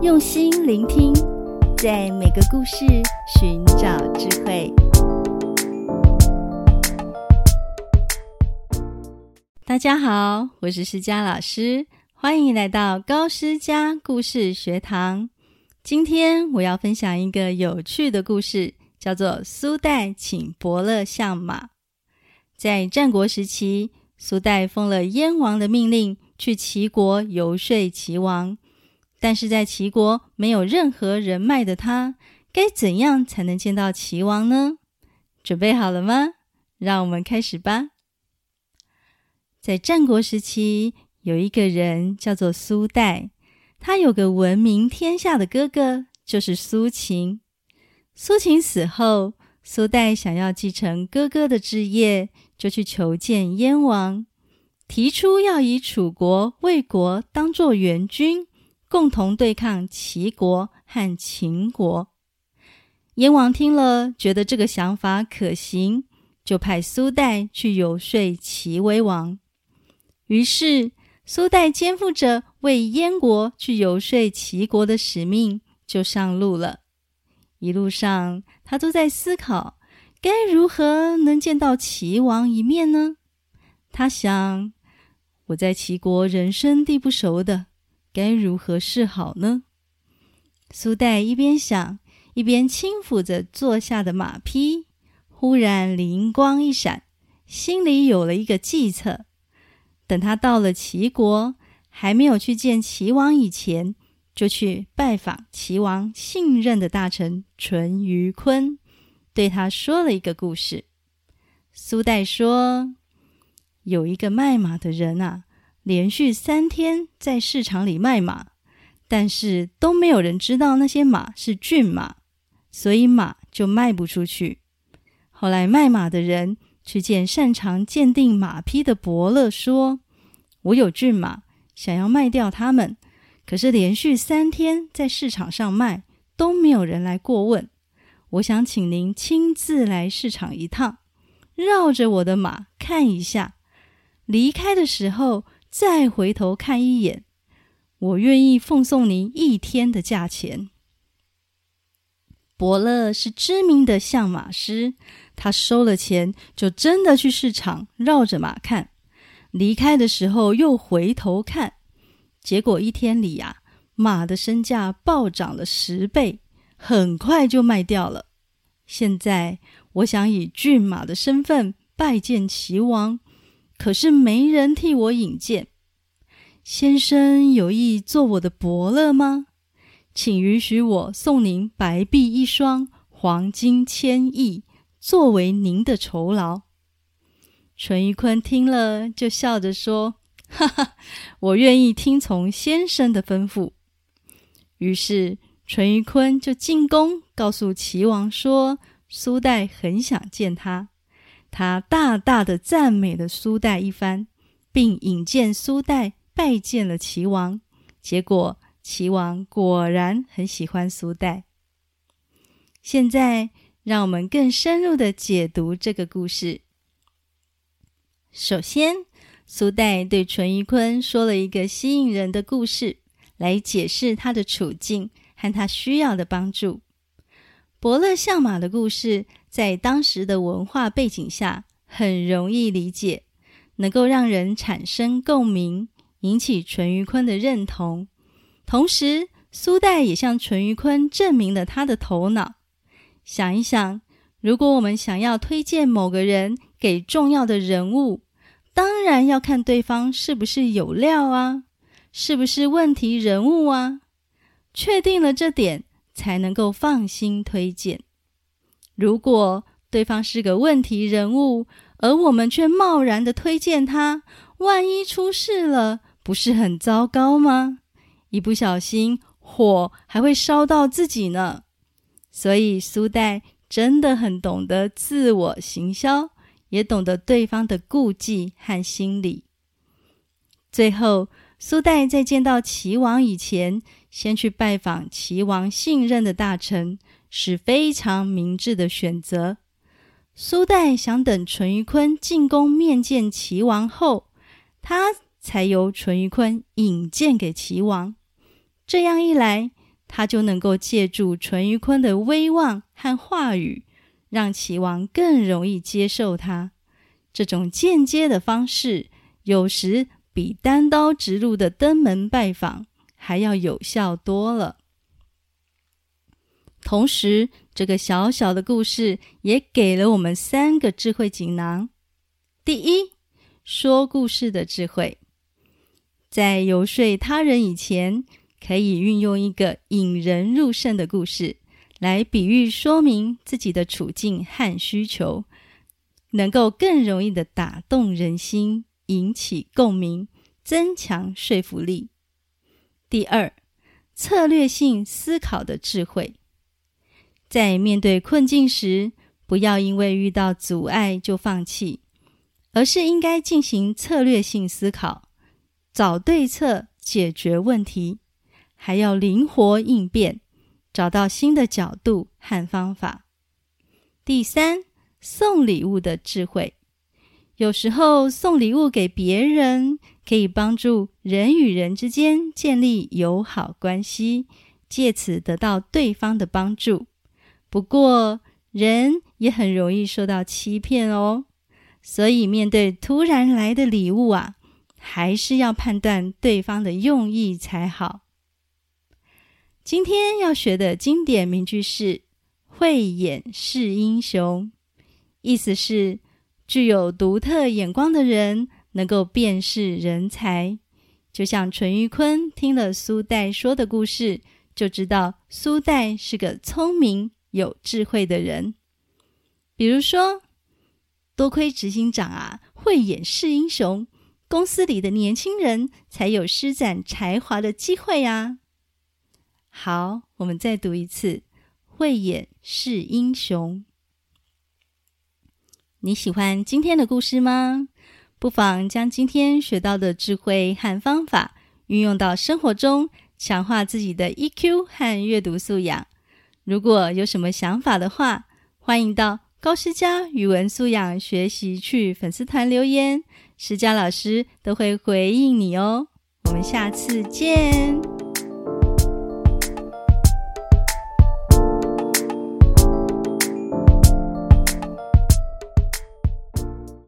用心聆聽，在每個故事尋找智慧。大家好，我是詩佳老師，歡迎來到高詩佳故事學堂。今天我要分享一個有趣的故事，叫做《蘇代請伯樂相馬》。在戰國時期，蘇代奉了燕王的命令，去齊國遊說齊王。但是在齊國沒有任何人脈的他，該怎樣才能見到齊王呢？準備好了嗎？讓我們開始吧。在戰國時期，有一個人叫做蘇代，他有個聞名天下的哥哥，就是蘇秦。蘇秦死後，蘇代想要繼承哥哥的事業，就去求見燕王，提出要以楚國、魏國當做援軍。共同對抗齊國和秦國。燕王聽了，覺得這個想法可行，就派蘇代去遊說齊威王。於是，蘇代肩負着為燕國去遊說齊國的使命，就上路了。一路上，他都在思考該如何能見到齊王一面呢？他想，我在齊國人生地不熟的。該如何是好呢？蘇代一邊想，一邊輕撫着坐下的馬匹，忽然靈光一閃，心裡有了一個計策。等他到了齊國，還沒有去見齊王以前，就去拜訪齊王信任的大臣淳於髡，對他說了一個故事。蘇代說：“有一個賣馬的人啊。”連續三天在市場裡賣馬，但是都沒有人知道那些馬是駿馬，所以馬就賣不出去。後來賣馬的人去見擅長鑑定馬匹的伯樂，說：“我有駿馬，想要賣掉它們，可是連續三天在市場上賣，都沒有人來過問。我想請您親自來市場一趟，繞着我的馬看一下。離開的時候，”再回頭看一眼，我願意奉送您一天的價錢。伯樂是知名的相馬師，他收了錢就真的去市場繞着馬看，離開的時候又回頭看，結果一天裡呀、啊，馬的身價暴漲了十倍，很快就賣掉了。現在我想以駿馬的身份拜見齊王。可是沒人替我引薦，先生有意做我的伯樂嗎？請允許我送您白璧一雙，黃金千鎰作為您的酬勞。淳於髡聽了，就笑着說：“哈哈，我願意聽從先生的吩咐。”於是淳於髡就進宮告訴齊王說：“蘇代很想見他。”他大大的讚美了蘇代一番，並引薦蘇代拜見了齊王。結果，齊王果然很喜歡蘇代。現在，讓我們更深入的解讀這個故事。首先，蘇代對淳於髡說了一個吸引人的故事，來解釋他的處境和他需要的幫助。伯樂相馬的故事，在當時的文化背景下很容易理解，能夠讓人產生共鳴，引起淳於髡的認同。同時，蘇代也向淳於髡證明了他的頭腦。想一想，如果我們想要推薦某個人給重要的人物，當然要看對方是不是有料啊，是不是問題人物啊。確定了這點，才能夠放心推薦。如果對方是個問題人物，而我們卻貿然的推薦他，萬一出事了，不是很糟糕嗎？一不小心，火還會燒到自己呢。所以蘇代真的很懂得自我行銷，也懂得對方的顧忌和心理。最後，蘇代在見到齊王以前，先去拜訪齊王信任的大臣，是非常明智的選擇。蘇代想等淳於髡進宮面見齊王後，他才由淳於髡引薦給齊王。這樣一來，他就能夠借助淳於髡的威望和話語，讓齊王更容易接受他。這種間接的方式，有時比單刀直入的登門拜訪，還要有效多了。同時，這個小小的故事也給了我們三個智慧錦囊。第一，說故事的智慧。在遊說他人以前，可以運用一個引人入勝的故事來比喻說明自己的處境和需求，能夠更容易的打動人心，引起共鳴，增強說服力。第二，策略性思考的智慧，在面對困境時，不要因為遇到阻礙就放棄，而是應該進行策略性思考，找對策解決問題，還要靈活應變，找到新的角度和方法。第三，送禮物的智慧，有時候送禮物給別人。可以幫助人與人之間建立友好關係，借此得到對方的幫助。不過，人也很容易受到欺騙哦。所以，面對突然來的禮物啊，還是要判斷對方的用意才好。今天要學的經典名句是“慧眼識英雄”，意思是具有獨特眼光的人。能夠辨識人才，就像淳於髡聽了蘇代說的故事，就知道蘇代是個聰明有智慧的人。比如說，多虧執行長啊，慧眼識英雄，公司裡的年輕人才有施展才華的機會啊。好，我們再讀一次，慧眼識英雄。你喜歡今天的故事嗎？不妨將今天學到的智慧和方法運用到生活中，強化自己的 EQ 和閱讀素養。如果有什麼想法的話，歡迎到高詩佳語文素養學習區粉絲團留言，詩佳老師都會回應你哦。我們下次見。